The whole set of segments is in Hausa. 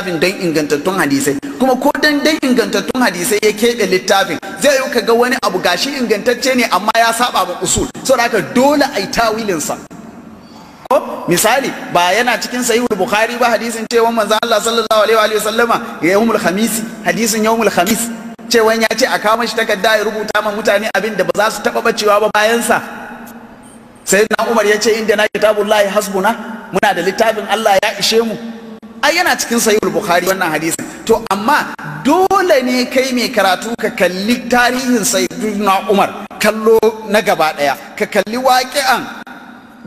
littafin don ingantattun hadisai kuma ko dan dan ingantattun hadisai ya keɓe littafin zai yi ga wani abu gashi ingantacce ne amma ya saba ba usul saboda haka dole a yi tawilinsa ko misali ba yana cikin sahihul bukhari ba hadisin cewa manzo Allah sallallahu alaihi wa sallama yawmul khamis hadisin yawmul khamis cewa ya ce a kawo shi takarda ya rubuta ma mutane abin da ba za su taba bacewa ba bayan sa sayyidina umar ya ce inda na kitabullahi hasbuna muna da littafin Allah ya ishe mu ai yana cikin sahihul bukhari wannan hadisin to amma dole ne kai mai karatu ka kalli tarihin sayyidina umar kallo na gaba daya ka kalli waqi'an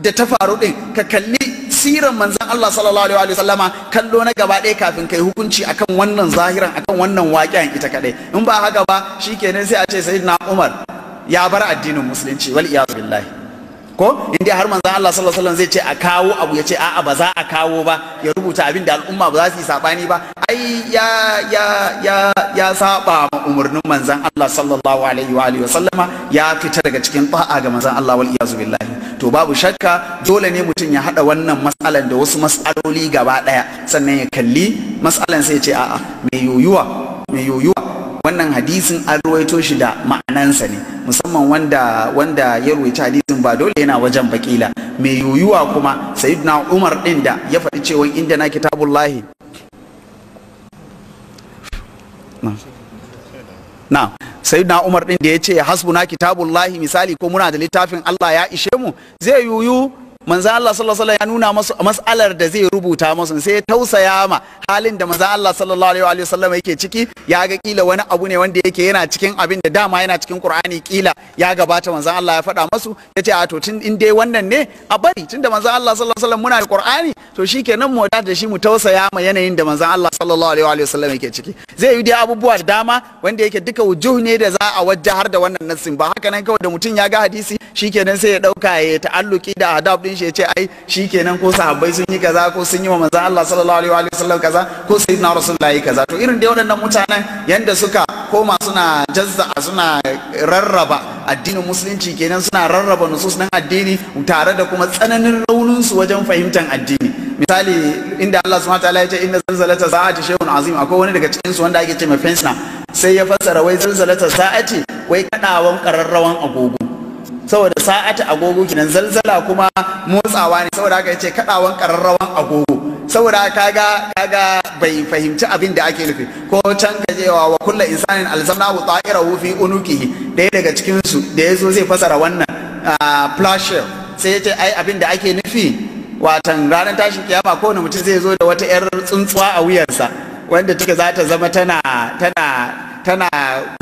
da ta faru din ka kalli siran manzon Allah sallallahu alaihi wa sallama kallo na gaba ɗaya kafin kai hukunci akan wannan zahiran akan wannan waqi'an ita kaɗai in ba haka ba shikenan sai a ce sayyidina Umar ya bar addinin musulunci wal iyad billahi ko in dai har manzon Allah sallallahu alaihi wasallam zai ce a kawo abu ya ce a'a ba za a kawo ba ya rubuta abin da al'umma ba za su yi sabani ba ai ya ya ya ya saba ma umurnin manzon Allah sallallahu alaihi wa alihi wasallama ya fita daga cikin ta'a ga manzon Allah wal iyazu billahi to babu shakka dole ne mutum ya hada wannan mas'alan da wasu mas'aloli gaba daya sannan ya kalli mas'alan sai ya ce a'a me yoyuwa me yoyuwa wannan hadisin an ruwaito shi da ma'anansa ne musamman wanda wanda ya ruwaita hadisin ba dole yana wajen bakila mai yuyuwa kuma sayyidina umar din da ya faɗi cewa inda na kitabullahi na sayyidina umar din da ya ce hasbuna kitabullahi misali ko muna da littafin Allah ya ishe mu zai yuyu manzan Allah sallallahu alaihi ya nuna masu mas'alar da zai rubuta masu sai ya tausaya ma halin da manzan Allah sallallahu alaihi wasallam yake ciki ya ga kila wani abu ne wanda yake yana cikin abin da dama yana cikin Qur'ani kila ya gabata manzan Allah ya faɗa masu ya ce a to tun in dai wannan ne a bari tunda manzan Allah sallallahu alaihi wasallam muna Qur'ani to shikenan mu da shi mu tausaya ma yanayin da manzan Allah sallallahu alaihi wasallam yake ciki zai yi dai abubuwa da dama wanda yake duka wujuh ne da za a wajjahar da wannan nassin ba haka nan kawai da mutum ya ga hadisi shikenan sai ya dauka ya ta'alluki da adab din shi ya ce ai shi kenan ko sahabbai sun yi kaza ko sun yi wa manzon Allah sallallahu alaihi wa sallam kaza ko sayyidina rasulullahi kaza to irin dai waɗannan mutanen yanda suka koma suna jazza suna rarraba addinin musulunci kenan suna rarraba nusus nan addini tare da kuma tsananin raunin su wajen fahimtar addini misali inda Allah subhanahu wa ta'ala ya ce inna zalzalata sa'ati shay'un azim akwai wani daga cikin su wanda ake ce mai fensna sai ya fassara wai zalzalata sa'ati wai kadawan kararrawan agogo saboda sa'ata agogo kenan zalzala kuma motsawa ne saboda haka yace kadawan kararrawan agogo saboda kaga kaga bai fahimci abin da ake nufi ko can gajewa wa kullu insanin alzamnahu ta'irahu fi unuqihi daya daga cikin su da yazo zai fasara wannan flash sai yace ai abin da ake nufi watan ranar tashin kiyama ko wani mutum zai zo da wata yar tsuntsuwa a wuyarsa wanda take za ta zama tana tana tana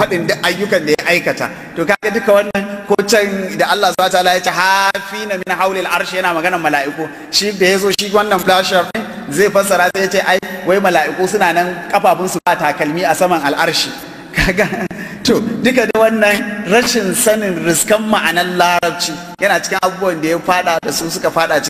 faɗin duk ayyukan da ya aikata to kaga duka wannan ko can da Allah subhanahu wataala ya ce hafina min hawlil arshi yana maganar mala'iku shi da ya zo shi wannan flashar zai fassara sai ya ce ai wai mala'iku suna nan kafafun su ba takalmi a saman al'arshi kaga to duka da wannan rashin sanin riskan ma'anar larabci yana cikin abubuwan da ya fada da su suka fada